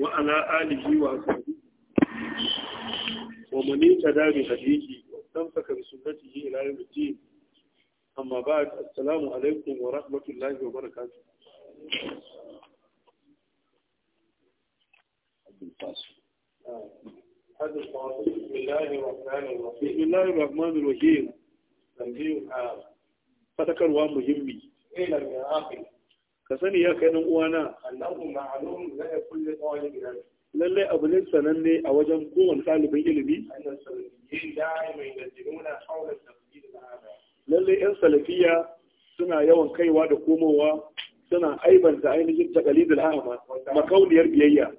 وعلى آله وأصحابه ومن اهتدى بهديه واستمسك بسنته إلى يوم الدين أما بعد السلام عليكم ورحمة الله وبركاته بسم الله الرحمن الرحيم بسم الله الرحمن الرحيم فذكر مهمي إلى المعاقل ka sani ya kai nan uwana lallai abu ne sananne a wajen kowane ɗalibin ilimi lallai yan salafiya suna yawan kaiwa da komowa suna aibanta ainihin da lahama, makauniyar biyayya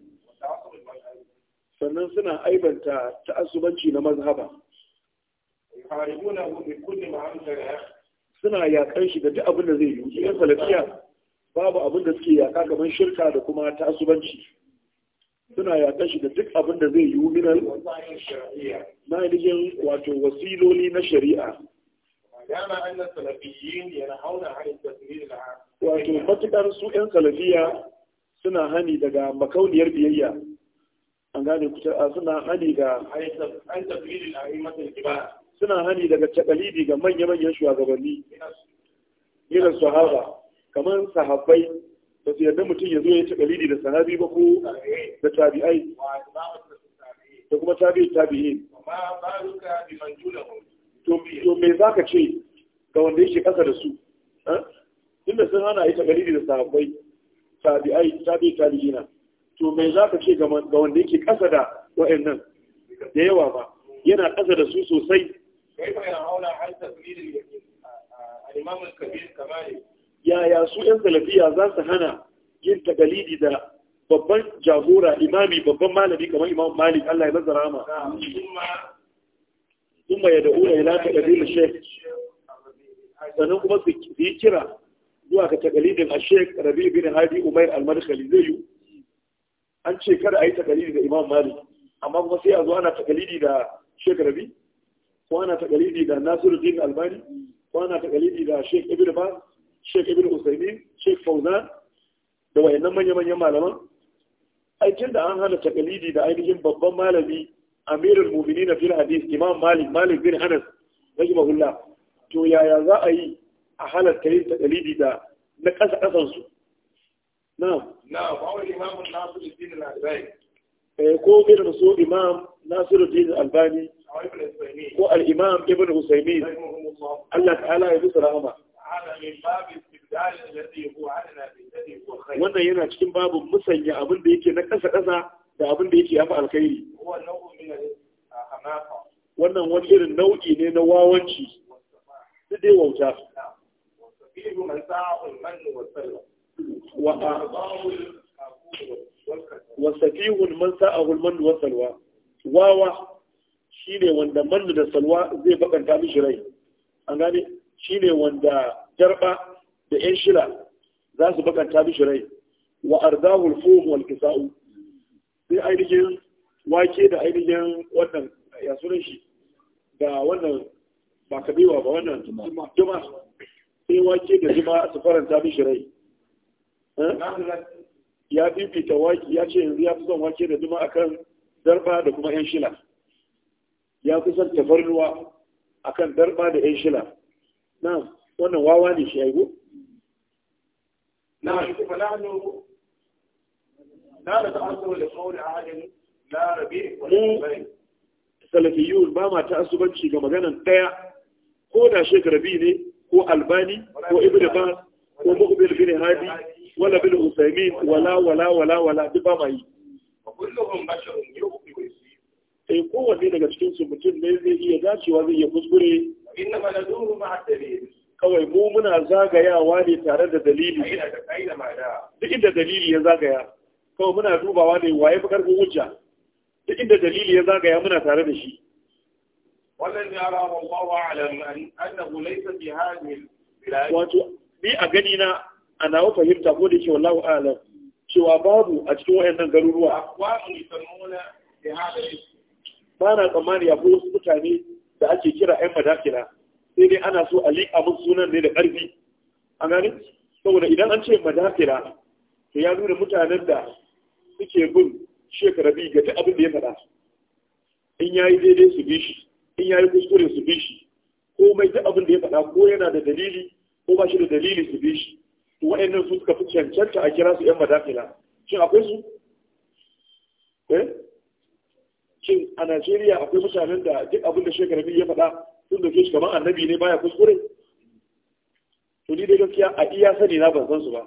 sannan suna aibanta ta'assubanci na mazhaba suna yakan shi da duk abin da zai yi yan salafiya babu abin da suke yaƙa kamar shirka da kuma tasubanci suna yaƙa shi da duk abin da zai yiwu minal na ainihin wato wasiloli na shari'a wato matuƙar su 'yan salafiya suna hani daga makauniyar biyayya an gane kuta suna hani ga suna hani daga takalidi ga manya-manyan shugabanni irin sahaba kamar sahabbai ba su yarda mutum ya zo ya ci dalili da sahabi ba ko da tabi'ai da kuma tabi'i tabi'i to me za ka ce ga wanda yake ƙasa da su inda sun hana ta dalili da sahabbai tabi'ai tabi'i na to me za ka ce ga wanda yake ƙasa da wa'annan da yawa ba yana ƙasa da su sosai kai haula har kabir kamar yaya su ‘yan salafiya za su hana yin takalidi da babban jagora imami babban malami kamar imam malik Allah ya nazara ma kuma ya ura ya ɗari da shek sannan kuma su yi kira zuwa ka takalidin a shek rabi bin hadi umar almadkhali zai yi an ce kada a yi takalidi da imam malik amma kuma sai a zo ana takalidi da shek rabi ko ana takalidi da nasiru nasiruddin albani ko ana takalidi da shek ibn شيخ ابن عثيمين شيخ فوزان دو اي نما نما نما لما اي تند ان هذا تقليدي دا اي نجم بابا مالبي امير المؤمنين في الحديث امام مالك مالك بن انس رحمه الله تو يا يا ذا اي احل الكريم تقليدي دا نقص قصصه نعم نعم هو الامام ناصر الدين الالباني ko irin su imam nasiruddin albani ko al'imam ibn husaymin Allah ta'ala ya bi rahama wannan yana cikin babin musanya abin da yake na ƙasa ƙasa da abin da yake yafi alkhairi wannan wani irin nau'i ne na wawanci su dai wauta wasafihun man sa'ahul mannu wa salwa wawa shi ne wanda mannu da salwa zai bakanta mishi rai an gane Shi ne wanda jarba da yan shila za su bakanta mishi rai wa arda al-fuh wal kisa'u sai ainihin wake da ainihin wannan ya sunan shi da wannan ba kabewa ba wannan juma sai wake da juma su faranta mishi rai eh? ya fifita wake ya ce yanzu ya fi son wake da juma akan darba da kuma yan shila ya fi son tafarnuwa akan darba da yan shila Na wannan wawa ne shi aigo na'am kuma nanu la da ta'assuru li qawli ahadin la rabi wa la salafiyun ba ma ta'assubanci ga maganan ɗaya. ko da shekarabi ne ko albani ko ibnu bas ko muqbil bin wala bil usaymin wala wala wala wala duk ba ma kowanne daga cikin su mutum ne zai iya dacewa zai iya kuskure kawai mu muna zagayawa ne tare da dalili duk inda dalili ya zagaya kawai muna dubawa ne waye fi karfin hujja duk inda dalili ya zagaya muna tare da shi wannan ya rawa Allahu a'lam annahu laysa bi hadhihi wato ni a gani na ana wa fahimta ko da ke wallahu a'lam cewa babu a cikin wayannan garuruwa ba na tsammani akwai wasu mutane da ake kira ‘yan madakila sai dai ana so a liƙa mun sunan ne da ƙarfi a gani saboda idan an ce madakila to ya nuna mutanen da suke bin shekarabi ga gaji abin da ya faɗa in ya yi daidai su bi shi in ya yi kuskure su bi shi ko mai duk abin da ya faɗa ko yana da dalili ko ba shi da dalili su bi shi to wa'annan su suka fi cancanta a kira su ‘yan madakila shin akwai su? eh shin a Najeriya akwai mutanen da duk abin da shekara biyu ya faɗa sun ke shi kamar annabi ne baya kuskure to ni dai gaskiya a iya sani na ban san su ba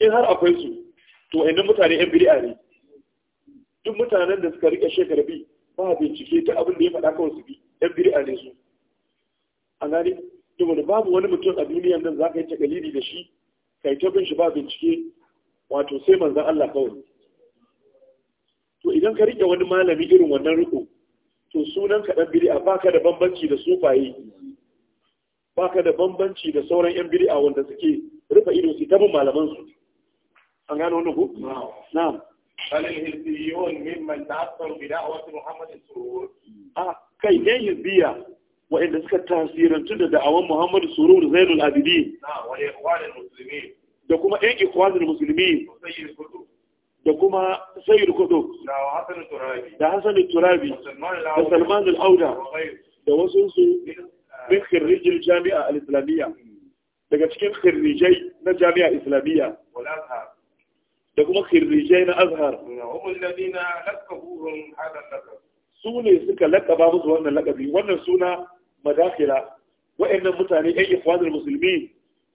in har akwai su to ainihin mutane yan bid'a ne duk mutanen da suka rike shekara biyu ba bincike ta abin da ya faɗa kawai su bi yan bid'a ne su a gani wani babu wani mutum a duniyan nan za ka yi takaliri da shi kai ta shi ba bincike wato sai manzan Allah kawai idan ka rike wani malami irin wannan riko to sunan ka dan bid'a baka da bambanci da sufaye baka da bambanci da sauran yan bid'a wanda suke rufe ido su tabbin malaman su an gano wannan ko na'am al-hizbiyun mimman ta'assar bi da'wati Muhammad surur ah kai yan hizbiya wa'anda suka tasirantu da da'awan Muhammad surur Zainul Abidin na da kuma yan ikhwanul muslimin da kuma sayyid kudu da Hassan turabi da salman al-auda da wasu su min khirrijil jami'a al-islamiyya daga cikin khirrijai na jami'a islamiyya da kuma khirrijai na azhar su ne suka lakaba musu wannan lakabi wannan suna madakila wa'annan mutane yan ikhwanul musulmi,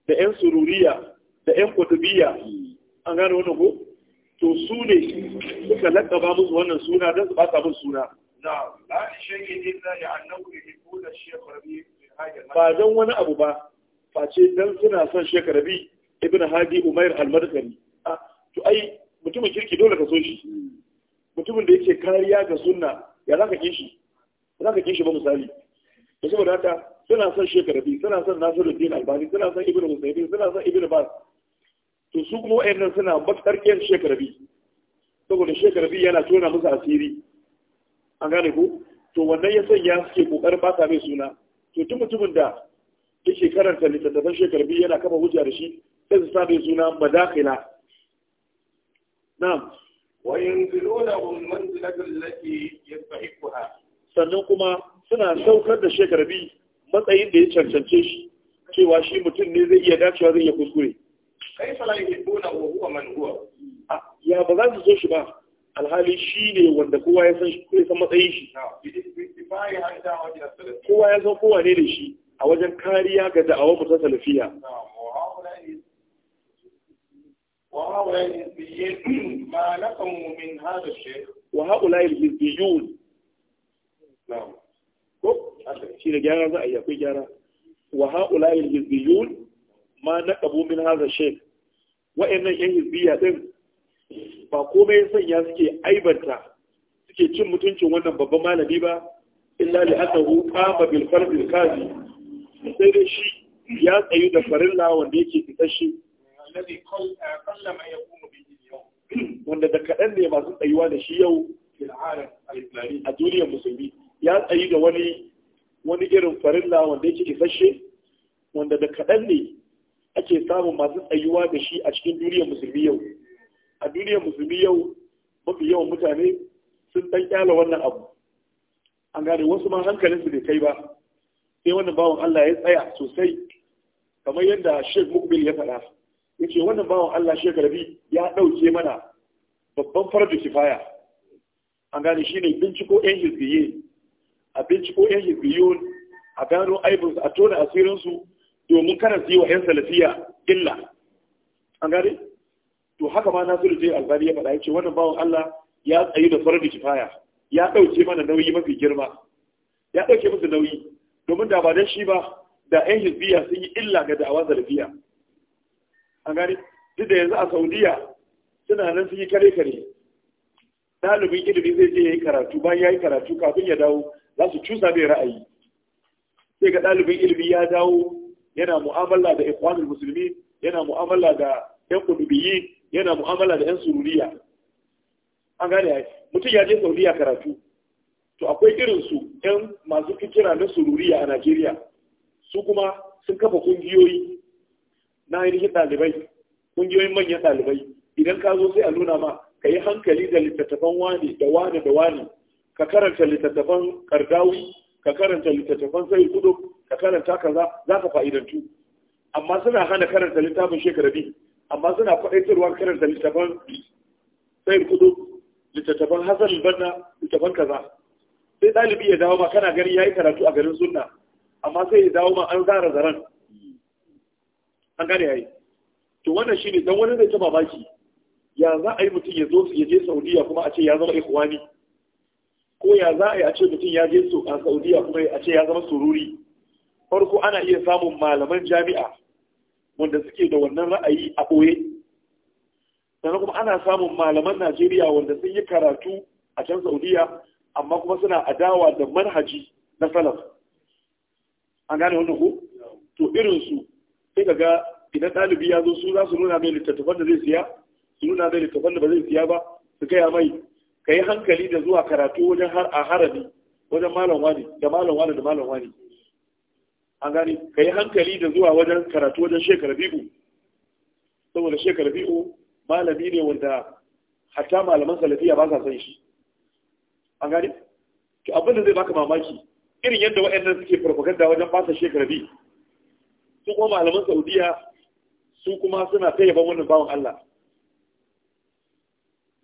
da yan sururiya da yan kutubiyya an gane wannan ko to su ne suka ba musu wannan suna don su bata musu suna ba don wani abu ba face don suna son shekara bi ibn hadi umair al-madkhali to ai mutumin kirki dole ka so shi mutumin da yake kariya ga sunna ya zaka kin shi zaka kin shi ba misali to saboda haka suna son shekara bi suna son nasiruddin albani suna son ibn musayyib suna son ibn bas to su kuma wa'annan suna matsarkiyar shekarbi saboda shekarbi yana tona musu asiri an gane ku. to wannan ya sanya suke kokarin bata mai suna to tun mutumin da yake karanta littattafan shekarbi yana kafa hujja da shi sai su sa mai suna madakila na'am wa yanzilunahum manzilatal lati yastahiquha sannan kuma suna saukar da shekarbi matsayin da ya cancance shi cewa shi mutum ne zai iya dacewa zai iya kuskure kai fala yuhibbuna wa huwa man huwa ah, ya ba za su so shi ba alhali shi ne wanda kowa ya san ya san matsayin shi kowa ya san kowa ne da shi a wajen kariya ga da'awar mutan salafiya wa haula al-hizbiyun ko shi ne gyara za a yi akwai gyara wa haula al-hizbiyun ma na ƙabu min haza shek wa'annan yan hizbiya ɗin ba komai ya sanya suke aibarta, suke cin mutuncin wannan babban malami ba illa li annahu qama bil fard al kazi sai dai shi ya tsayu da farilla wanda yake fitashi shi eh, wanda da kaɗan ne masu tsayuwa da shi yau a duniyar musulmi ya tsayi da wani wani irin farilla wanda yake isasshe wanda da kaɗan ne ake samun masu tsayuwa da shi a cikin duniyar musulmi yau a duniyar musulmi yau mafi yawan mutane sun ɗan kyala wannan abu an gane wasu ma su bai kai ba sai wannan bawan Allah ya tsaya sosai kamar yadda Sheikh Mukbil ya faɗa yace wannan bawan Allah Sheikh Rabi ya ɗauke mana babban farajin kifaya an gane shine binciko yan hizbiye a binciko yan hizbiyun a gano aibinsu a tona su. domin kada su yi wa 'yan salafiya illa an gane to haka ma nasiru jai albari ya faɗa ya ce wannan bawan allah ya tsayi da farar da kifaya ya ɗauke mana nauyi mafi girma ya ɗauke musu nauyi domin da ba don shi ba da 'yan hizbiya sun yi illa ga da'awa salafiya an gane duk da yanzu a saudiya suna nan sun yi kare kare ɗalibin ilimi zai je ya yi karatu bayan ya yi karatu kafin ya dawo za su cusa mai ra'ayi sai ga ɗalibin ilimi ya dawo yana mu'amala da ikhwanul musulmi yana mu'amala da ɗan kudubiyi yana mu'amala da ɗan sururiya an gane ai mutum ya je saudiya karatu to akwai irin su yan masu fikira na sururiya a najeriya su kuma sun kafa kungiyoyi na ainihin ɗalibai kungiyoyin manyan ɗalibai idan ka zo sai a nuna ma ka yi hankali da littattafan wani da wani da wani ka karanta littattafan kardawi ka karanta littattafan sai kudu ka karanta kaza za ka fa'idantu amma suna hana karanta littafin shekara biyu amma suna kwaɗaitarwa karanta littattafan sai kudu littattafan hasan banna littattafan kaza sai ɗalibi ya dawo ma kana gani ya yi karatu a garin sunna amma sai ya dawo ma an zara zaren an gane ya yi to wannan shine dan wani zai ta mamaki ya za a yi mutum ya zo ya je saudiya kuma a ce ya zama ikhwani ko ya za a yi a ce mutum ya je su a saudiya kuma a ce ya zama sururi farko ana iya samun malaman jami'a wanda suke da wannan ra'ayi a ɓoye sannan kuma ana samun malaman najeriya wanda sun yi karatu a can saudiya amma kuma suna adawa da manhaji na salaf an gane wannan ku, to irinsu sai ka ga idan ɗalibi ya zo su za su nuna mai littattafan da zai siya su nuna mai littattafan da ba zai siya ba su gaya mai ka yi hankali da zuwa karatu wajen a harami wajen malam wani da malam wani da malam wani an gani ka yi hankali da zuwa wajen karatu wajen shekara biyu saboda shekara biyu malami ne wanda hatta malaman salafiya ba sa san shi an gani to abin da zai baka mamaki irin yadda waɗannan suke farfaganda wajen fasa shekara biyu su kuma malaman saudiya su kuma suna ta yaban wannan bawan Allah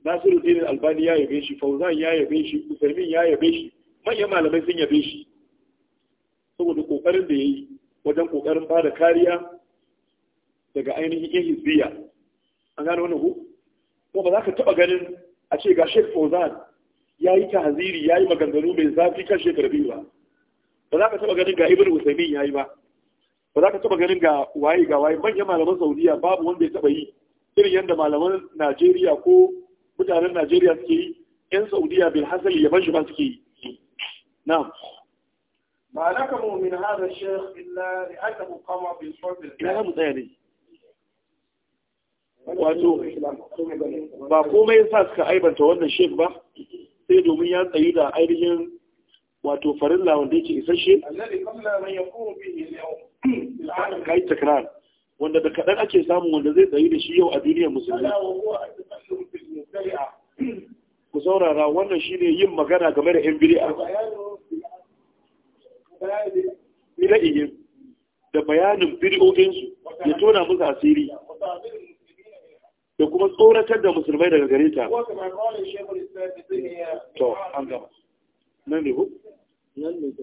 Nasiruddin Albani ya yabe shi Fauzan ya yabe shi Usaimin ya yabe shi manyan malamai sun yabe shi saboda kokarin da yayi wajen kokarin da kariya daga ainihin yan hizbiya an gano wannan ku ko ba za ka taba ganin a ce ga Sheikh Fauzan ya yi haziri ya yi maganganu mai zafi kan shekaru biyu ba ba za ka taba ganin ga Ibn Usaimin ya yi ba ba za ka taba ganin ga waye ga waye manyan malaman Saudiya babu wanda ya taba yi irin yadda malaman Najeriya ko mutanen Najeriya suke yi yan Saudiya bil hasali ya bashi ba suke yi na'am ma nakamu min hada shaykh illa li'annahu qama bi sabr ina mu tsaya ne wato ba komai sa suka aibanta wannan sheikh ba sai domin ya tsayi da ainihin wato farilla wanda yake isasshe kai takrar wanda da kaɗan ake samun wanda zai tsayi da shi yau a duniyar musulmi shari'a ku saurara wannan shine yin magana game da yan bid'a bid'a'in da bayanin bid'o'in ya tona musu asiri da kuma tsoratar da musulmai daga gare ta to an gama nan ne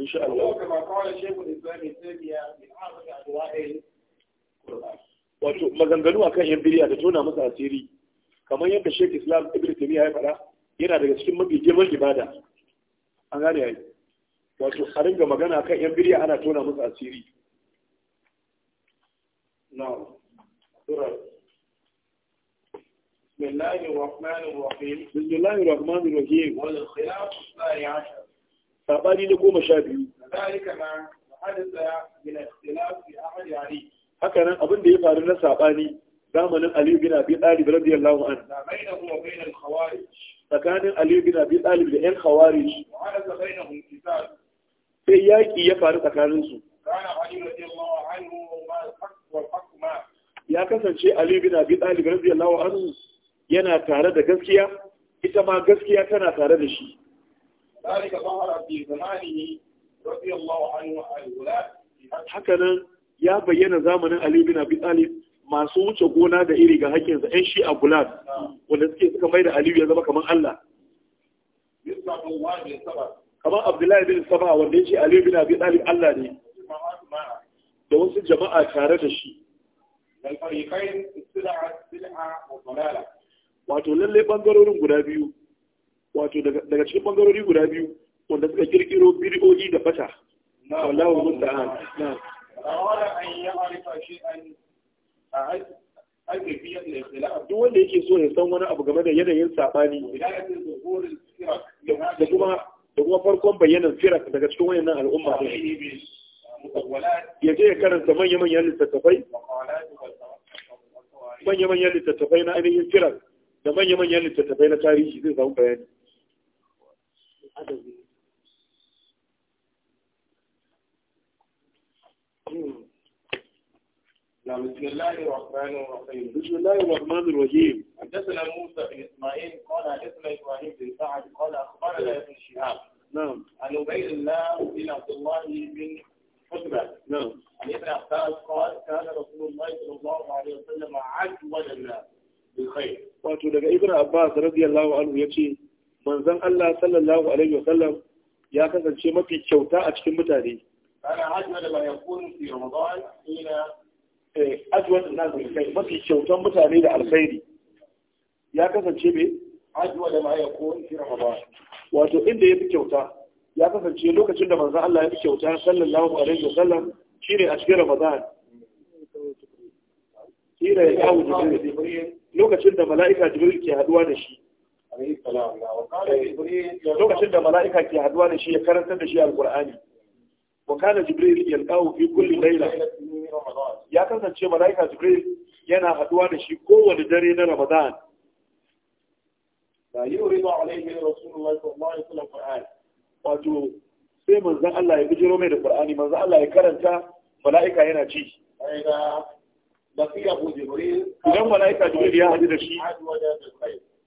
إن شاء الله كما قال تيمية wato maganganu akan yan biriya da tona masa asiri kamar yadda Sheikh Islam Ibn Taymiyyah ya fara yana daga cikin mafi girman ibada an gane yayi wato a ringa magana akan yan biriya ana tona masa asiri na'am sura بسم الله الرحمن الرحيم بسم Saɓani ne goma sha biyu haka nan abin da ya faru na sabani zamanin aliyu bin abi talib radiyallahu an tsakanin aliyu bin abi Ɗalib da yan Hawari. sai yaƙi ya faru tsakaninsu ya kasance aliyu bin abi radiyar radiyallahu an yana tare da gaskiya ita ma gaskiya tana tare da shi ذلك ظهر في زمانه رضي الله عنه الولاة هكذا يا بيان زمن علي بن ابي طالب masu wuce gona da iri ga hakinsa 'yan shi a gulat wanda suke suka mai da aliyu ya zama kamar Allah. Kamar Abdullahi bin Saba wanda ya ce aliyu bin Abi Talib Allah ne. Da wasu jama'a tare da shi. Wato lallai bangarorin guda biyu wato daga cikin bangarori guda biyu wanda suka kirkiro bidiyoyi da bata wallahu musta'an na'am duk wanda yake so ya san wani abu game da yanayin sabani da kuma farkon bayyanan firak daga cikin wayannan al'umma ne ya je ya karanta manya-manyan littattafai manya-manyan littattafai na ainihin firak da manya-manyan littattafai na tarihi zai samu bayani أدبي نعم، بسم الله الرحمن الرحيم بسم الله الرحمن الرحيم حدثنا موسى بن اسماعيل قال حدثنا ابراهيم بن سعد قال اخبرنا ابن شهاب نعم عن عبيد الله بن عبد الله بن حسبة نعم عن ابن عباس قال كان رسول الله صلى الله عليه وسلم عجولا بالخير لك ابن عباس رضي الله عنه yace manzon Allah sallallahu alaihi wa wasallam ya kasance mafi kyauta a cikin mutane Ana da bayan ajwad na kai mafi kyautan mutane da alkhairi ya kasance me da bayan yakun fi ramadan wato inda yafi kyauta ya kasance lokacin da manzon Allah ya fi kyauta sallallahu alaihi wa wasallam shine a cikin ramadan shine ya kawo jibril lokacin da mala'ika jibril ke haduwa da shi Eh, lokacin da mala'ika ke haduwa da shi ya karanta da shi alqur'ani wa kana jibril yalqahu fi kulli layla ya kasance mala'ika jibril yana haduwa da shi kowane dare na ramadan da yuridu alaihi rasulullahi sallallahu alaihi wasallam qur'an wato sai manzon Allah ya bijiro mai da qur'ani manzon Allah ya karanta mala'ika yana ci idan mala'ika jibril ya haji da shi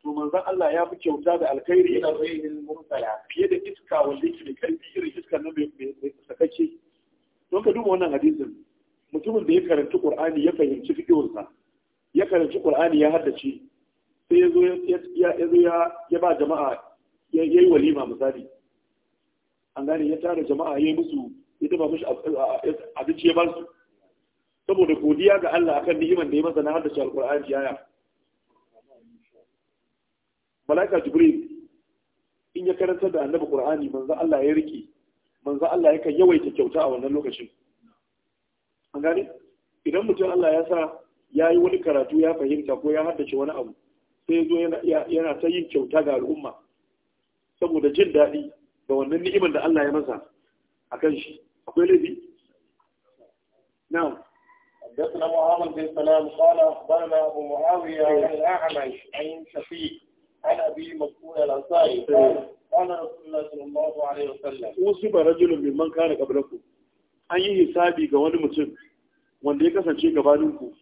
to manzon Allah ya fi kyauta da alkhairi ila rayil mursala fiye da iska wanda yake da karfi irin iska na mai sakacce don ka duba wannan hadisin mutumin da ya karanta Qur'ani ya fahimci fiqhunsa ya karanci Qur'ani ya haddace sai ya zo ya ya ba jama'a ya yi walima misali an gane ya tara jama'a ya yi musu ya dafa musu abinci ya ba su saboda godiya ga Allah akan ni'imar da ya masa na haddace al ya yaya malaika jibril in ya karanta da annabi qur'ani manzo Allah ya rike manzo Allah ya kai yawaita kyauta a wannan lokacin an gane idan mutum Allah ya sa ya yi wani karatu ya fahimta ko ya haddace wani abu sai ya zo yana ta yin kyauta ga al'umma saboda jin daɗi ga wannan ni'imar da Allah ya masa a kan shi akwai laifi na'am حدثنا محمد بن سلام قال اخبرنا ابو معاويه عن الاعمش عن شفيق عن أبي مسعود الأنصاري قال رسول الله صلى الله عليه وسلم وصف رجل ممن كان قبلكم an yi hisabi ga wani mutum wanda ya kasance gabanin ku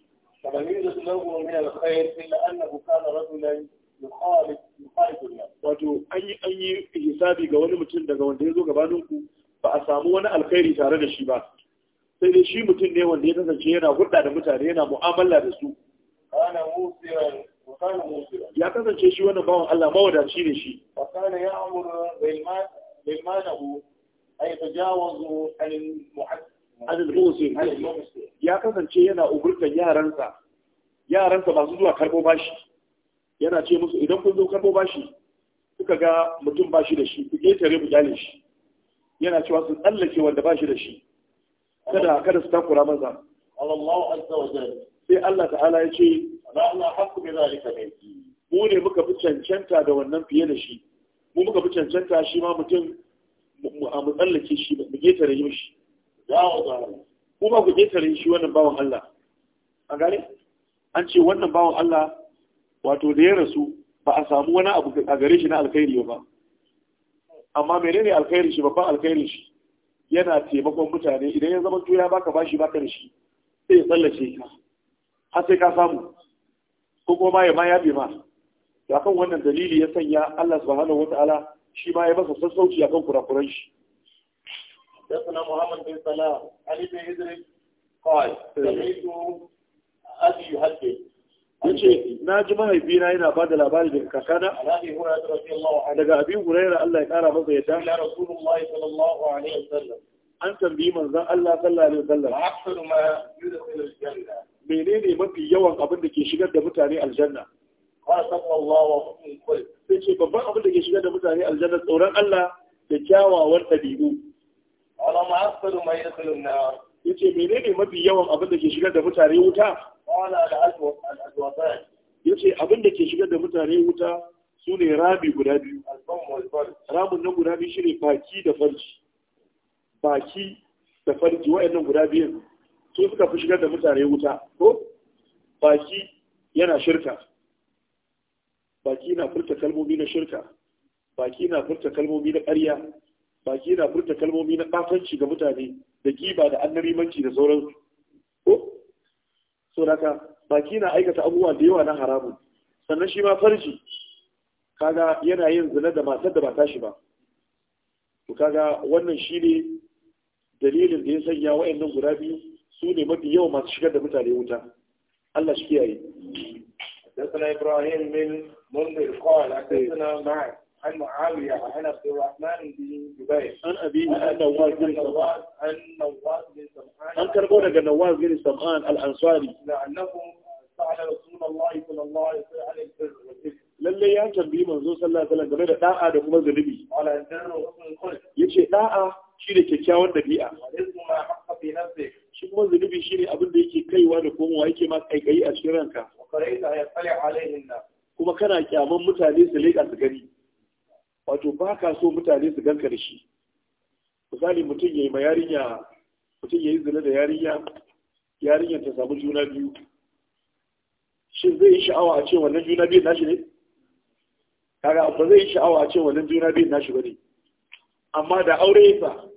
wato an yi an yi hisabi ga wani mutum daga wanda ya zo gabanin ku ba a samu wani alkhairi tare da shi ba sai dai shi mutum ne wanda ya kasance yana hudda da mutane yana mu'amala da su kana musiran ya kasance shi wannan bawan Allah mawadaci ne shi wa kana ya kasance yana uburtan yaransa yaransa masu zuwa karbo bashi yana ce musu idan kun zo karbo bashi kuka ga mutum bashi da shi ku ƙetare mu jale shi yana cewa su tsallake wanda bashi da shi kada kada su takura maza sai Allah ta'ala ya ce Allah haqqu bi zalika minki mu ne muka fi cancanta da wannan fiye da shi mu muka fi cancanta shi ma mutum a mu tsallake shi mu getare yi shi ku ba ku getare shi wannan bawan Allah a gare, an ce wannan bawan Allah wato da ya rasu ba a samu wani abu a gare shi na alkhairi ba amma menene alkhairi shi babban alkhairi shi yana taimakon mutane idan ya zama ya baka bashi baka da shi sai ya tsallace ka har sai ka samu ko kuma ya ma ma to akan wannan dalili ya sanya Allah subhanahu wataala shi ma ya masa sassauci akan kurakuran shi حدثنا محمد بن سلام علي بن إدريس قال سمعت أبي يحدث yace na ji mahaifina yana ba da labari daga kakana daga abin huraira Allah ya kara masa yadda an tambayi manzon Allah sallallahu alaihi wasallam menene mafi yawan abin da ke shigar da mutane aljanna sai ce babban abin da ke shigar da mutane aljanna tsoron Allah da kyawawan ɗabi'u ya ce menene mafi yawan abin da ke shigar da mutane wuta ya ce abin da ke shigar da mutane wuta su ne rami guda biyu ramin nan guda biyu shi ne baki da farji baki da farji wa'annan guda biyu su suka fi shigar da mutane wuta ko baki yana shirka baki na furta kalmomi na shirka baki na furta kalmomi na ƙarya baki na furta kalmomi na ƙafanci ga mutane da giba da annarimanci da sauransu ko so daga baki na aikata abubuwa da yawa na haramun sannan shi ma farji kaga yana yin zina da matar da ba tashi ba to kaga wannan shi ne dalilin da ya sanya wa'annan guda biyu su ne mafi yau masu shigar da mutane wuta Allah shi kiyaye Dasana Ibrahim min Mundir Kowal a Dasana Ma'ad an Mu'awiya a hana Abdul Rahman bin Dubai an abi na an Nawaz Sam'an an karɓo daga Nawaz bin Sam'an al-Ansari la'annakum ta'ala Rasulullahi sallallahu alaihi wa sallam lalle ya tambayi manzo sallallahu alaihi wasallam game da da'a da kuma zulubi yace ɗa'a shi da kyakkyawan dabi'a shi kuma zunubi ne abin da yake kaiwa da komowa yake ma kaikayi a cikin ranka kuma kana kyaman mutane su leƙa su gani wato ba ka so mutane su ganka da shi misali mutum ya yi ma yarinya mutum ya yi zina da yarinya yarinya ta samu juna biyu shi zai yi sha'awa a ce wannan juna biyun nashi ne kaga ba zai yi sha'awa a ce wannan juna biyun nashi ne. amma da aure fa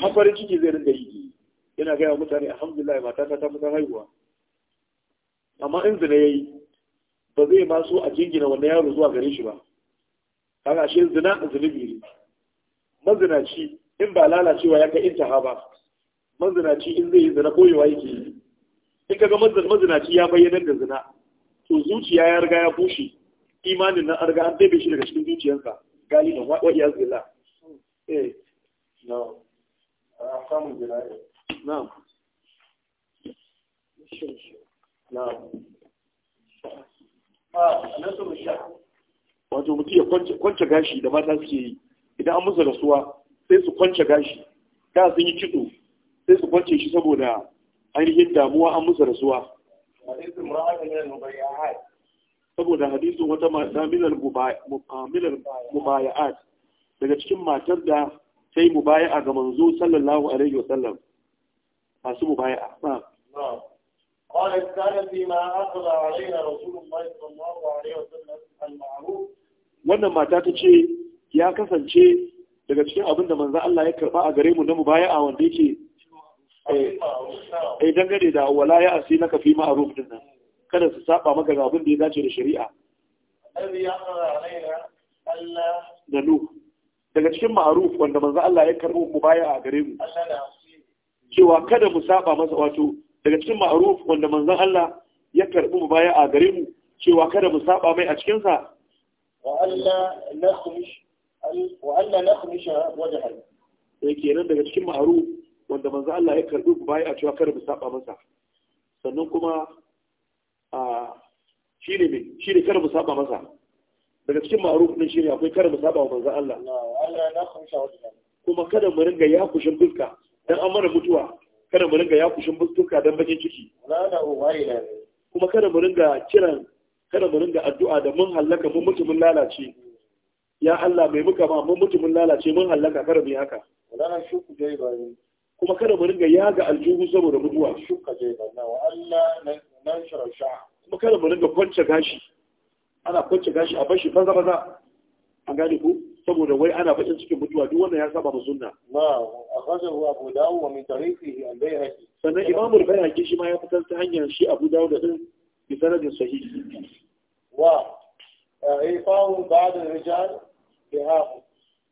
har ciki zai rinda yi yana gaya mutane alhamdulillah mata ta fitan haihuwa amma in zina ya yi ba zai ma so a jingina wanda yaro zuwa gare shi ba kaga shi zina zunubi ne mazinaci in ba lalacewa ya kai intaha ba mazinaci in zai yi zina koyewa yake yi in kaga mazinaci ya bayyana da zina to zuciya ya riga ya bushe imanin nan arga an daibe shi daga cikin zuciyarsa galiban wa'iya zila eh no أحكام الجنائز نعم نعم wato mutum ya kwance gashi da mata suke yi idan an musu rasuwa sai su kwance gashi da sun yi kitso sai su kwance shi saboda ainihin damuwa an musu rasuwa saboda hadisin wata mata milar mubaya'at daga cikin matar da sai mu baya a ga manzo sallallahu alaihi wa sallam masu mubaya'a na قال الثالث ما أخذ علينا رسول الله صلى الله عليه وسلم المعروف wannan mata ta ce ya kasance daga cikin abin da manzo Allah ya karba a gare mu na mubaya'a wanda yake eh, eh dangane da wala ya asina ka fi ma'ruf din nan kada su saba maka ga abin da ya dace da shari'a alladhi yaqra alla da nuh daga cikin ma'aruf wanda manzo Allah ya karɓo mu baya a gare mu cewa kada mu saba masa wato daga cikin ma'aruf wanda manzo Allah ya karɓo mu baya a gare mu cewa kada mu saba mai a cikin sa wa Allah nakhmish wa Allah nakhmish wajhan yake nan daga cikin ma'aruf wanda manzo Allah ya karɓo mu baya a cewa kada mu saba masa sannan kuma a shi ne kada mu saba masa daga cikin ma'aruf din shine akwai kada mu saba wa manzon Allah kuma kada mu ringa ya kushin fuska dan an mana mutuwa kada mu ringa ya kushin fuska dan bakin ciki kuma kada mu ringa kiran kada mu ringa addu'a da mun hallaka mun mutu mun lalace ya Allah mai muka ma mun mutu mun lalace mun hallaka kada mu yi haka kuma kada mu ringa yaga aljuhu saboda mutuwa kuma kada mu ringa kwance gashi ana kwance gashi a bashi banza banza a gane ku saboda wai ana bakin cikin mutuwa duk wannan ya saba mu sunna na akhrajahu abu dawud wa min tarihi ya bayhaqi sannan imamu al-bayhaqi shi ma ya fitar ta hanyar shi abu dawud din bi sanadin sahi. wa eh, ifahu ba'd da rijal hafu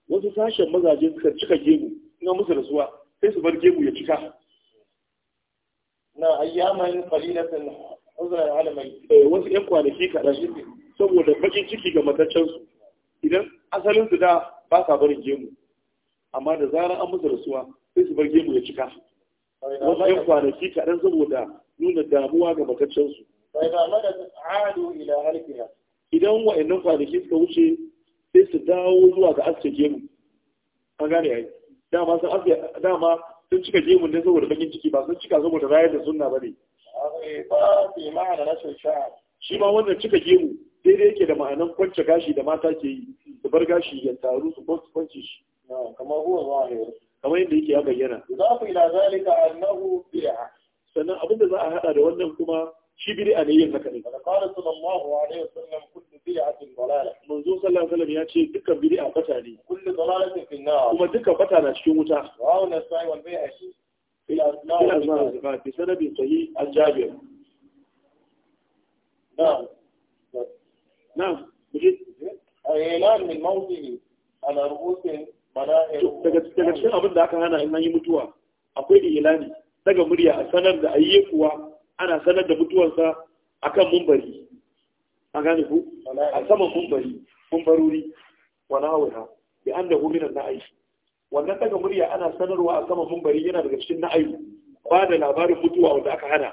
wasu sashen mazaje suka cika gemu ina musu rasuwa sai su bar gemu ya cika na ayyaman qalilatan uzra alamai eh, wasu yan kwanaki kaɗan saboda bakin ciki ga mataccensu idan asalin su da ba sa barin gemu amma da zarar an musu rasuwa sai su bar gemu ya cika wasu yan kwanaki kaɗan saboda nuna damuwa ga mataccensu idan wa'annan kwanaki suka wuce sai su dawo zuwa ga aske gemu an gane yayi dama sun aske dama sun cika gemun ne saboda bakin ciki ba sun cika saboda rayar da sunna sha'a. shi ma wannan cika gemu daidai yake da ma'anan kwance gashi da mata ke yi su bar gashi ya taru su kwance shi kamar huwa zahir kamar yadda yake ya bayyana ku ila zalika annahu bi'a sannan abinda za a hada da wannan kuma shi bid'a ne yin haka ne qala sallallahu alaihi wasallam kullu bid'atin dalalah manzo sallallahu alaihi wasallam ya ce dukkan bid'a kwata ne kullu dalalatin fi nar kuma dukkan kwata na cikin wuta wa na sai wal bai'a shi ila asma'i fi sanadin sahih al-jabir na'am na'am ilan min mawdihi ala rubusin manahir daga daga cikin abin da aka hana in an yi mutuwa akwai ilani daga murya a sanar da ayyukuwa ana sanar da mutuwarsa a kan mumbari a gane ku a saman mumbari mumbaruri wa nahawiha bi annahu min an na'ayi. wannan daga murya ana sanarwa a saman mumbari yana daga cikin na'ayi ba da labarin mutuwa wanda aka hana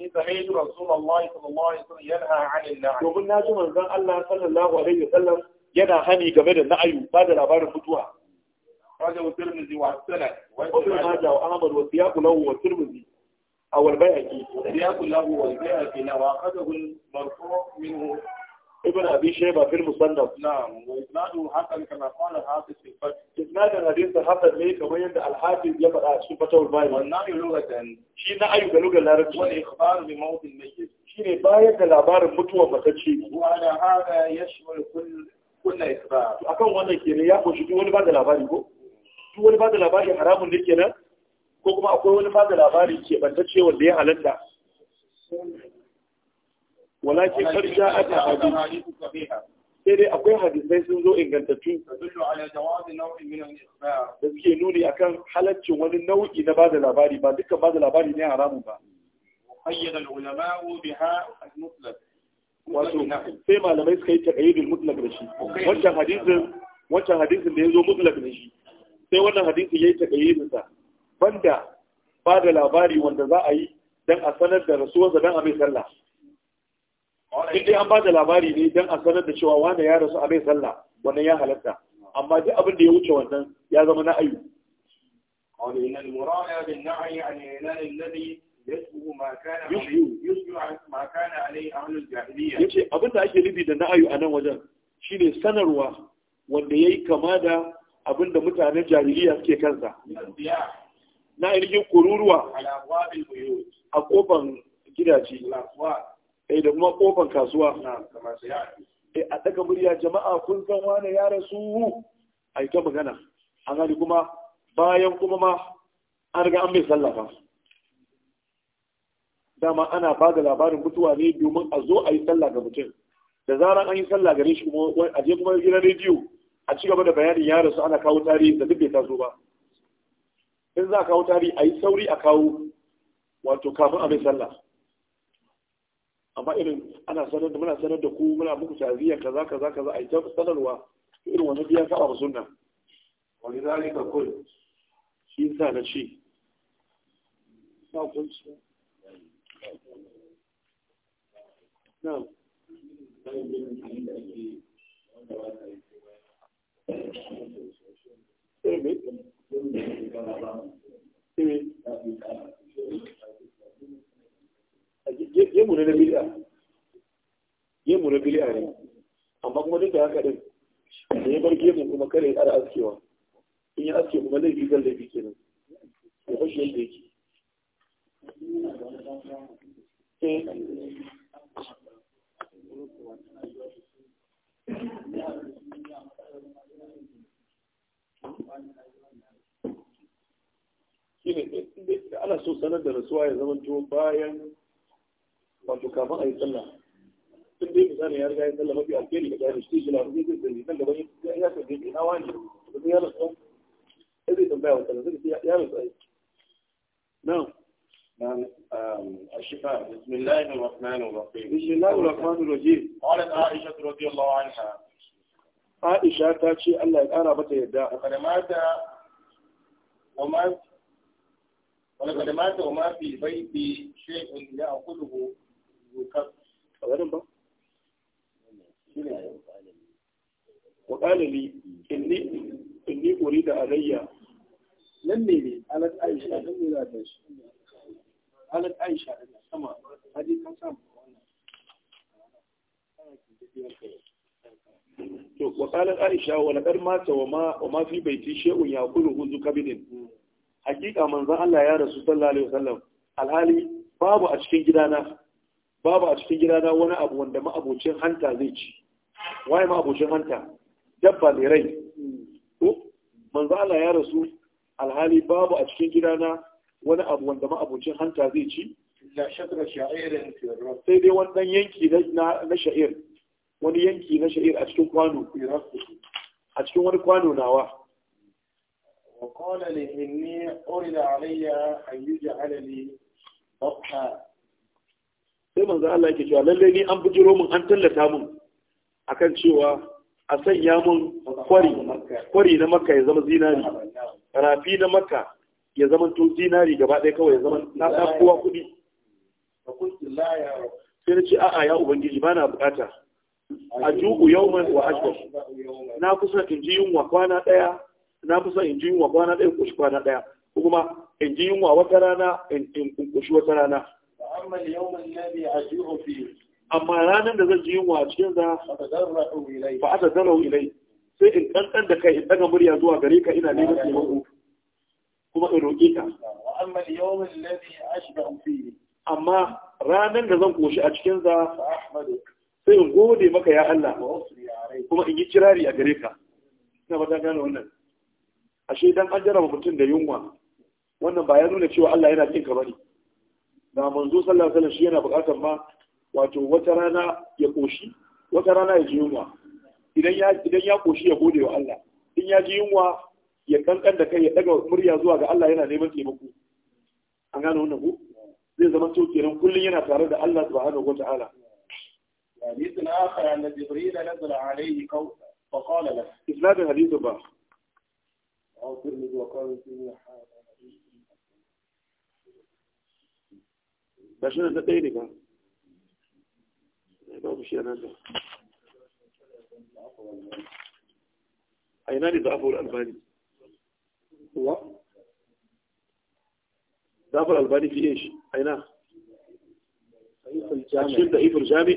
domin na ji manzon Allah sallallahu alaihi wa sallam yana hani game da na'ayu ba da labarin mutuwa Wajen wa tirmidhi wa sanad wa ibn majah wa ahmad wa siyaq lahu wa tirmidhi aw al bayhaqi siyaq lahu wa al bayhaqi la wa qadahu al marfu' minhu ابن أبي شيبة في المصنف نعم وإسناده حسن كما قال الحافظ في الفتح إسناد الحديث حسن ليه كما يند الحافظ يبقى شفته والبايل والنعي لغة شيء نعي بلغة العربية والإخبار بموت الميت شيء باية العبار متوى متشي وعلى هذا يشمل كل كل إخبار أكون وانا كيري يأخذ شدو وانا بعد العبار يقول شدو وانا بعد العبار حرام لكنا ko kuma akwai wani ba da labari ke bantacce wanda ya halatta walakin karja aka hadisi sai dai akwai hadisai sun zo ingantattu da suke nuni akan halaccin wani nau'i na bada labari ba dukkan bada labari ne haramu ba wato sai malamai suka yi taqayyidul mutlaq da shi wancan hadisin wancan hadisin da ya zo mutlaq da shi sai wannan hadisi yayi taqayyidin sa banda bada labari wanda za a yi don a sanar da rasuwarsa dan a mai sallah duk dai an ba da labari ne don a sanar da cewa wanda ya rasu a bai sallah wannan ya halatta amma duk abin da ya wuce wannan ya zama na ayu ce abin da ake nufi da na'ayu a nan wajen shine sanarwa wanda ya yi kama da abin da mutanen jahiliya suke kansa na ainihin kururuwa a kofan gidaje eh da kuma kofar kasuwa eh a daga murya jama'a kun san wani ya rasu ai ta magana an gani kuma bayan kuma ma an riga an bai sallafa. dama ana ba da labarin mutuwa ne domin a zo a yi sallah ga mutum da zaran an yi sallah gare shi kuma a je kuma gidan rediyo a ci gaba da bayanin ya rasu ana kawo tarihi da duk bai taso ba in za a kawo tarihi a yi sauri a kawo wato kafin a bai sallah amma irin ana sanar da muna sanar da ku muna muku taziya kaza kaza kaza ai ta sanarwa irin wannan biya saba ba sunna wa lidhalika kul shi yasa na ce na kunci na gemu ne na bid'a gemu na bid'a ne amma kuma duk da haka din da ya bar gemu kuma kare ya ƙara askewa in yi aske kuma zai laifi zan laifi nan, ya fashe yadda yake eh. eh, eh, ana so sanar da rasuwa ya zama bayan wato kafin a yi sallah tun dai misali ya riga ya sallah mafi alheri ga jari shi shi lafi zai zai nan gaban ya san dai na wani da zai yaro sun sai zai tambaya wa sallah zai ya yaro sai na'am نعم الشفاء بسم الله الرحمن الرحيم بسم الله الرحمن الرحيم قالت عائشة رضي الله عنها عائشة تاتي الله يقرأ بك يدا وقد مات وما ولقد مات وما في بيتي شيء يأكله doka a garin ba وقال لي إني إني أريد علي nan ne ne alat aisha don ne za ta shi alat aisha da sama haji kan samu to wa qalat aisha wa laqad mata wa ma wa ma fi baiti shay'un yakuluhu zu kabidin hakika manzon Allah ya rasu sallallahu alaihi wasallam alhali babu a cikin gidana babu a cikin gidana wani abu wanda ma'abocin hanta zai ci waye ma'abocin hanta dabba mai rai ko manzo Allah ya rasu alhali babu a cikin gidana wani abu wanda ma'abocin hanta zai ci sai dai wannan yanki na sha'ir wani yanki na sha'ir a cikin kwano a cikin wani kwano nawa وقال لي إني أرد علي أن يجعل لي طبحا sai manzo Allah yake cewa lalle ni an bujiro mun an tallata mun akan cewa a sanya mun kwari kwari na makka ya zama zinari rafi na makka ya zama to zinari gaba ɗaya kawai ya zama na ta kowa kuɗi sai na ce a'a ya ubangiji ba na bukata a juku man wa ashbar na kusa in ji yunwa kwana ɗaya na kusa in ji yunwa kwana ɗaya kushi kwana ɗaya ko kuma in ji yunwa wata rana in kushi wata rana amma yawm alladhi aji'u fihi amma ranar da zan ji yunwa a cikin sa fa atadarru ilai sai in kankan da kai in daga murya zuwa gare ka ina neman taimako kuma in roƙe ka amma yawm alladhi ashba'u amma ranar da zan a cikin sai in gode maka ya Allah kuma in yi kirari a gare ka ina ba ta gane wannan ashe dan an jarraba mutum da yunwa wannan ba ya nuna cewa Allah yana kin ka bane da manzo sallallahu alaihi shi yana buƙatar ma wato wata rana ya koshi wata rana ya ji yunwa idan ya idan ya koshi ya gode wa Allah in ya ji yunwa ya kankan da kai ya daga murya zuwa ga Allah yana neman taimako an gano wannan ko zai zama to kenan kullun yana tare da Allah subhanahu wataala حديث آخر أن جبريل نزل عليه قول فقال له إسناد حديث بقى أو ترمذ وقال فيه حاجة ga shi nan na ɗaya ne ba shi a nan da a ina ne albani kuwa albani fiye shi a ina a cikin da ifar jami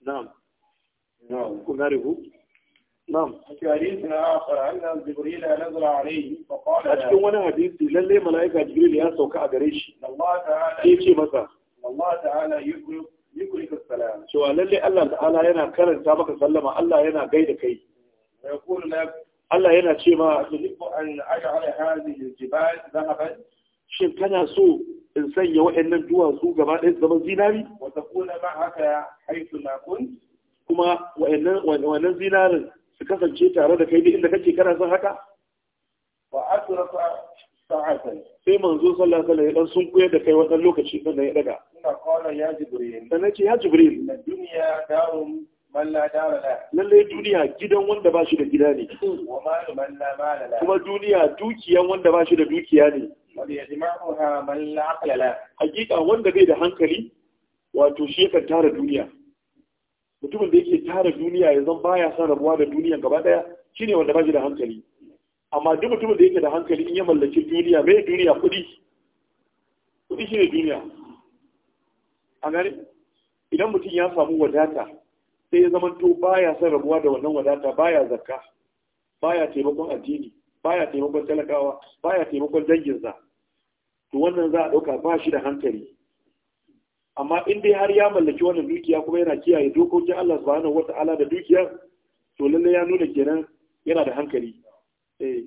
na'am kun gane نعم في حديث آخر أن جبريل نزل عليه فقال له أشكو وانا حديثي للي ملائكة جبريل يا سوكا أدريش الله تعالى كيف مثلا الله تعالى يكرك يكرك السلام شو للي الله تعالى ينا كرن تابك سلم الله ينا قيد كي ويقول لك الله ينا شيما تحب أن أجعل هذه الجبال ذهبا شو كان سوء in sanya wa'annan duwatsu gaba ɗaya zaman zinari wata kuna ma haka haitu na kun kuma wa'annan zinarin su kasance tare da kai duk inda kake kana son haka wa asrafa sa'atan sai manzo sallallahu alaihi wasallam sun kuya da kai wannan lokaci din da ya daga ina kawai ya jibril dan nace ya jibril na duniya dawo man la dara la lalle duniya gidan wanda ba shi da gida ne wa mal man la mala la kuma duniya dukiyan wanda ba shi da dukiya ne wanda yajma'uha man la aqla la hakika wanda bai da hankali wato shi kan tara duniya mutumin da yake tara duniya ya zan baya son rabuwa da duniyan gaba daya shine wanda ba shi da hankali amma duk mutumin da yake da hankali in ya mallaki duniya mai duniya kudi kudi shine duniya a gani, idan mutum ya samu wadata sai ya zama to baya son rabuwa da wannan wadata baya zakka baya taimakon addini baya taimakon talakawa baya taimakon danginsa to wannan za a dauka ba shi da hankali amma in dai har ya mallaki wannan dukiya kuma yana kiyaye dokokin Allah subhanahu wata'ala da dukiyar to lalle ya nuna kenan yana da hankali eh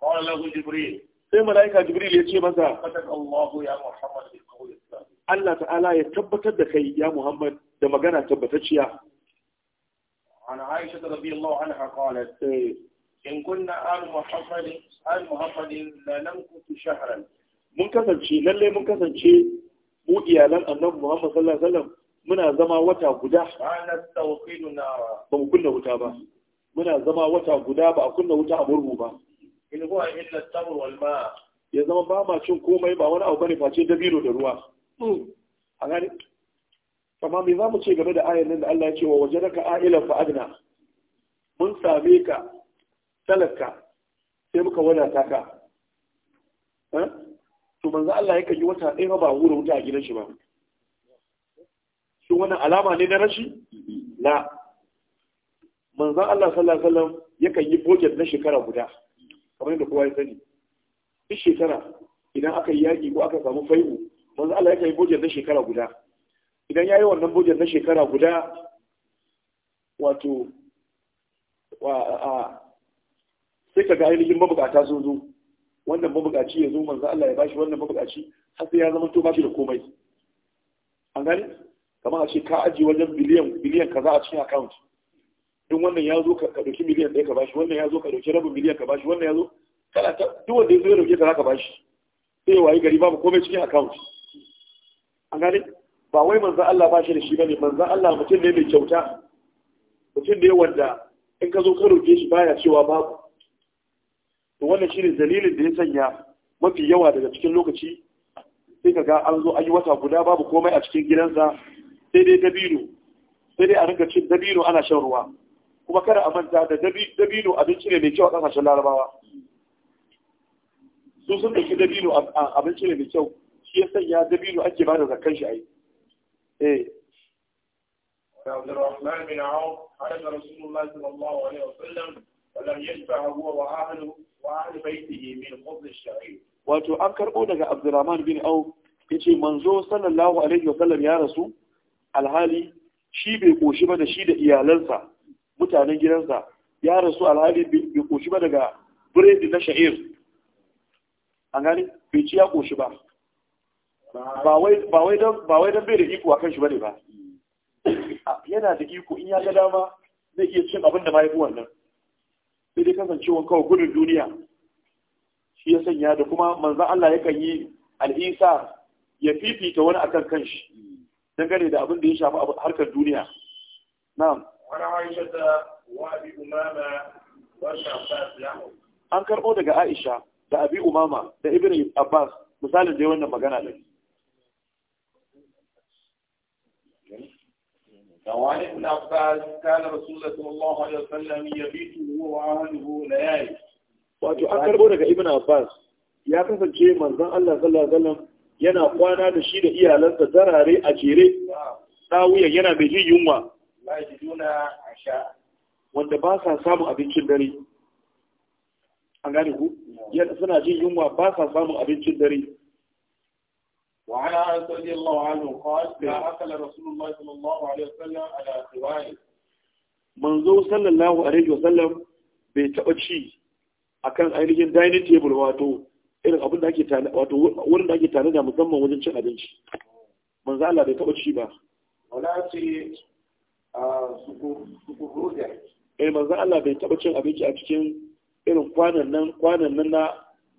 qala lahu jibril sai malaika jibril ya ce masa Allahu ya Muhammad bil qawl Allah ta'ala ya tabbatar da kai ya Muhammad da magana tabbatacciya عن عائشة رضي الله عنها قالت إن كنا Al محمد آل محمد لنمكث shahran mun kasance lalle mun kasance ko iyalan annabi Muhammad sallallahu alaihi wasallam muna zama wata guda ba mu kunna wuta ba muna zama wata guda ba a kunna wuta a murhu ba in huwa illa tamr wal ma ya zama ba ma cin komai ba wani abu bane face dabino da ruwa hmm. a gani amma me za mu ce game da ayar nan da Allah ya ce wa wajadaka a'ilan fa adna mun same ka talaka sai muka wadata ka to manzo Allah ya yi wata ɗaya ba hura wuta a gidan shi ba shi wannan alama ne na rashi la manzo Allah sallallahu alaihi wasallam yakan yi budget na shekara guda kamar yadda kowa ya sani duk shekara idan aka yi yaƙi ko aka samu faihu, manzo Allah yakan yi budget na shekara guda idan yayi wannan budget na shekara guda wato wa a sai ka ga ainihin mabukata sun zo wannan mabukaci ya zo manzo Allah ya bashi wannan mabukaci har sai ya zama to bashi da komai an gani kamar a ce ka aji wajen biliyan biliyan kaza a cikin account in wannan ya zo ka dauki miliyan ɗaya ka bashi wannan ya zo ka dauki rabin miliyan ka bashi wannan ya zo kana ta duk wanda ya zo ya dauke ka zaka bashi sai ya wayi gari babu komai cikin account an gani ba wai manzo Allah bashi da shi bane manzo Allah mutum ne mai kyauta mutum ne wanda in ka zo ka roke shi baya cewa babu to wannan ne dalilin da ya sanya mafi yawa daga cikin lokaci sai ka ga an zo an yi wata guda babu komai a cikin gidansa sai dai dabino sai dai a rinka cin dabino ana shan ruwa kuma kada a manta da dabino abinci ne mai kyau a kasashen larabawa su sun ɗauki dabino abinci ne mai kyau shi ya sanya dabino ake ba da zakan shi a yi عبد الرحمن بن عوف حدث رسول الله صلى الله عليه وسلم ولم يشبع هو واهله wa min wato an karbo daga Abdulrahman bin Auf yace manzo sallallahu alaihi wa sallam ya rasu alhali shi bai koshi ba da shi da iyalansa mutanen gidansa ya rasu alhali bai koshi ba daga biredi na sha'ir an gani bai ci ya koshi ba ba wai don bai da iko a kan shi bane ba yana da iko in ya ga dama zai iya cin abin da mahaifi wannan sai dai kasancewa kawai gudun duniya shi ya sanya da kuma manzan Allah yakan yi al'isa ya fifita wani akan kanshi dangane da abin da ya shafi harkar duniya na'am an karɓo daga Aisha da Abi Umama da Ibrahim, Abbas misalin da wannan magana da وعن ابن عباس كان رسول الله صلى الله عليه وسلم يبيت هو وأهله ليالي wato an karbo daga ibn abbas ya kasance manzon Allah sallallahu yana kwana da shi da iyalansa darare a jere tsawiya yana mai jin yunwa wanda ba sa samun abincin dare an gane ku suna jin yunwa ba sa samun abincin dare وعلى انس رضي الله عنه قال لا أكل رسول الله صلى الله عليه وسلم على خوال منذ صلى الله عليه bai taɓa ci akan ainihin dining table wato irin abin da ake tare wato wurin da ake tare da musamman wajen cin abinci manzo Allah bai taɓa ci ba wala ce eh manzo Allah bai taɓa cin abinci a cikin irin kwanan nan kwanan na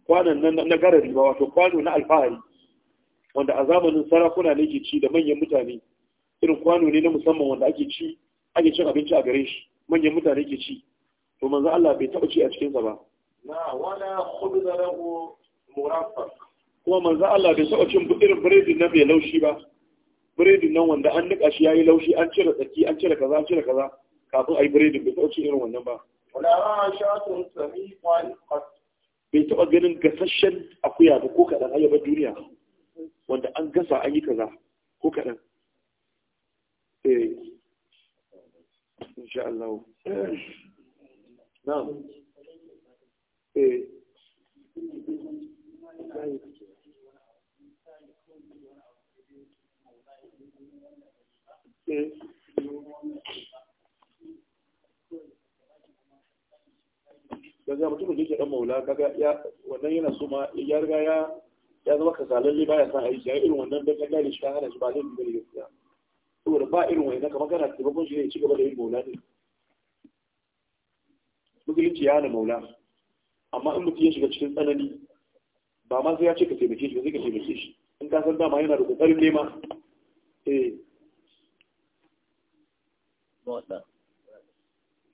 kwanan nan na garari ba wato kwano na alfahari wanda a zamanin sarakuna ne ke ci da manyan mutane irin kwano ne na musamman wanda ake ci ake cin abinci a gare shi manyan mutane ke ci to manzo Allah bai taba ci a cikinsa ba na wala khubz lahu muraffaq kuma manzo Allah bai taɓa cin irin biredin nan bai laushi ba biredin nan wanda an nika shi yayi laushi an cire tsaki an cire kaza an cire kaza kafin ayi biredin bai taɓa cin irin wannan ba wala shatun samiqan qat bai taba ganin gasasshen akuya ba ko kadan ayyaba duniya wanda an gasa an yi kaza ko kaɗan eh insha Allah na'am eh eh mutum da yake ɗan maula kaga ya wannan yana so ma ya riga ya ya zama ka zalalle baya sa aiki ya irin wannan da kaga da shi hana shi ba zai bi gaskiya saboda ba irin wani kamar kana taimakon shi ne ci gaba da yin maula ne musulunci ya hana maula amma in mutum ya shiga cikin tsanani ba ma sai ya ce ka taimake shi ba sai ka taimake shi in ka san dama yana da kokarin nema eh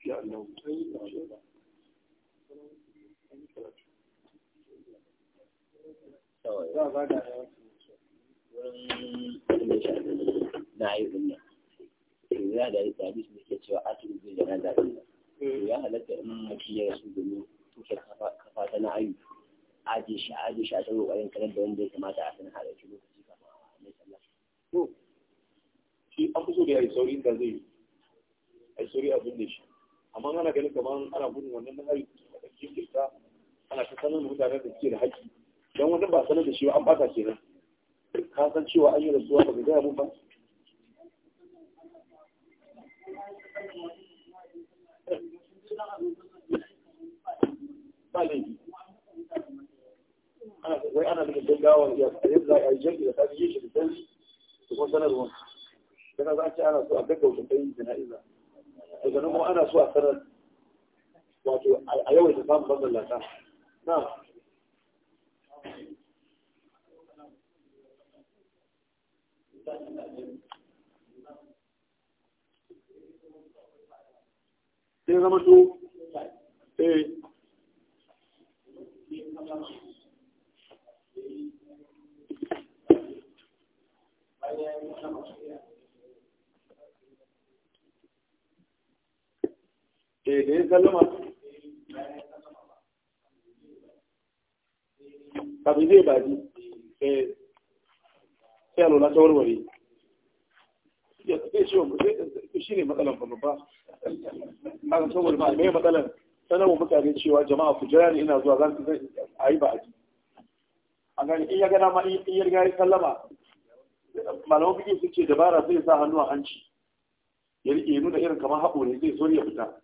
ya Allah kawai za da da da ya halatta ya kafa ta na ayu shi a can ƙoƙarin kalar da wanda ya kamata a sanar da shi lokaci kama mai sallah. shi da ya sauri a yi sauri shi amma ana ganin kamar ana gudun wannan na ayu a ɗan jirgin ana ta sanar da mutanen da suke da haƙƙi don wani ba sanar da shi an bata kenan ka san cewa an yi rasuwa ba gaya mun ba wai ana da gaggawa ya tsaye za a yi jami'i da ta yi shi da sai da kuma sanarwa daga za a ce ana so a gaggauta kai jana'iza daga nan kuma ana so a sanar wato a yawaita samun bazan lata na ya zama to eh, eh, da zai baji eh sai a ta warware eh, shi ne matsalan babba kaga saboda ba me matsalar sanarwa mutane cewa jama'a ku jira ina zuwa zan a yi ba a ji a gani in ya gana ma in ya riga ya sallama malamu fiƙi sun ce dabara zai sa hannu a hanci ya riƙe nuna irin kamar haɓo ne zai zo ya fita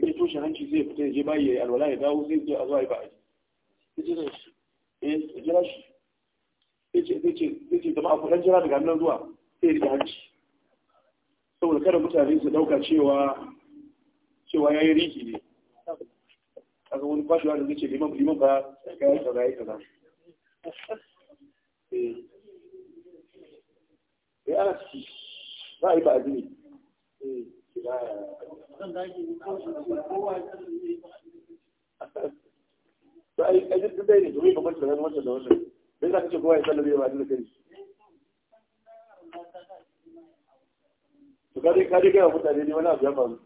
ya toshe hanci zai fita ya je bayi ya yi alwala ya dawo zai je a zuwa ya ba a ji zai ce jama'a ku ɗan jira daga nan zuwa sai ya riƙe hanci saboda kada mutane su dauka cewa cewa yi riki ne kaga wani kwashewa da zuce liman ba ga yi kaza yi kaza eh za a yi ba azumi ai ai duk dai ne domin ba da wannan da wannan dai za ka ce kowa ya sallabe ba da kai to kare kare ga mutane ne wani abu ya faru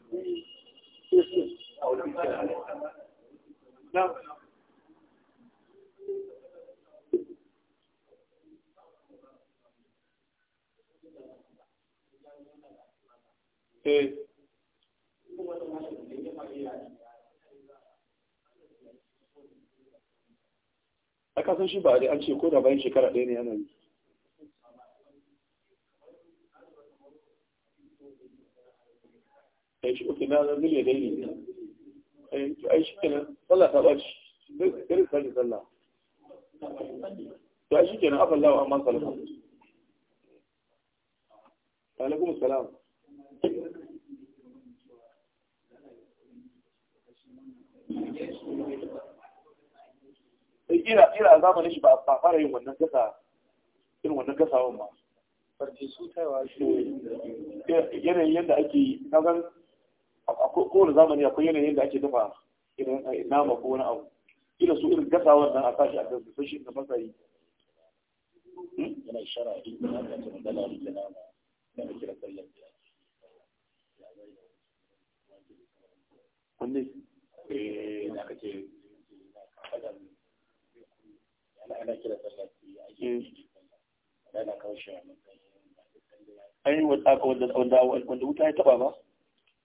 Eh. a kasan shi ba a an ce ko da bayan shekara ɗaya ne yana yi sai shi uku na zan ya daini ai to ai shi kenan sallah ta bashi dare sai sallah to a shi kenan a Allah amma sallah alaikum salam ira ira a zamanin shi ba a fara yin wannan gasa irin wannan gasawan ba farce su taiwa shi yanayin yadda ake kagan أقول زمن يطيل إلا أجي دفع إلى نام أكون أو إلى سوء الجفا وأنا أفاجأ بفجأة مثلا من الشرع أي وقت أكو وقت وقت وقت وقت وقت